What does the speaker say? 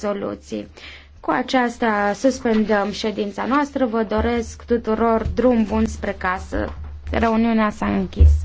soluții. Cu aceasta suspendăm ședința noastră. Vă doresc tuturor drum bun spre casă. Reuniunea s-a închis.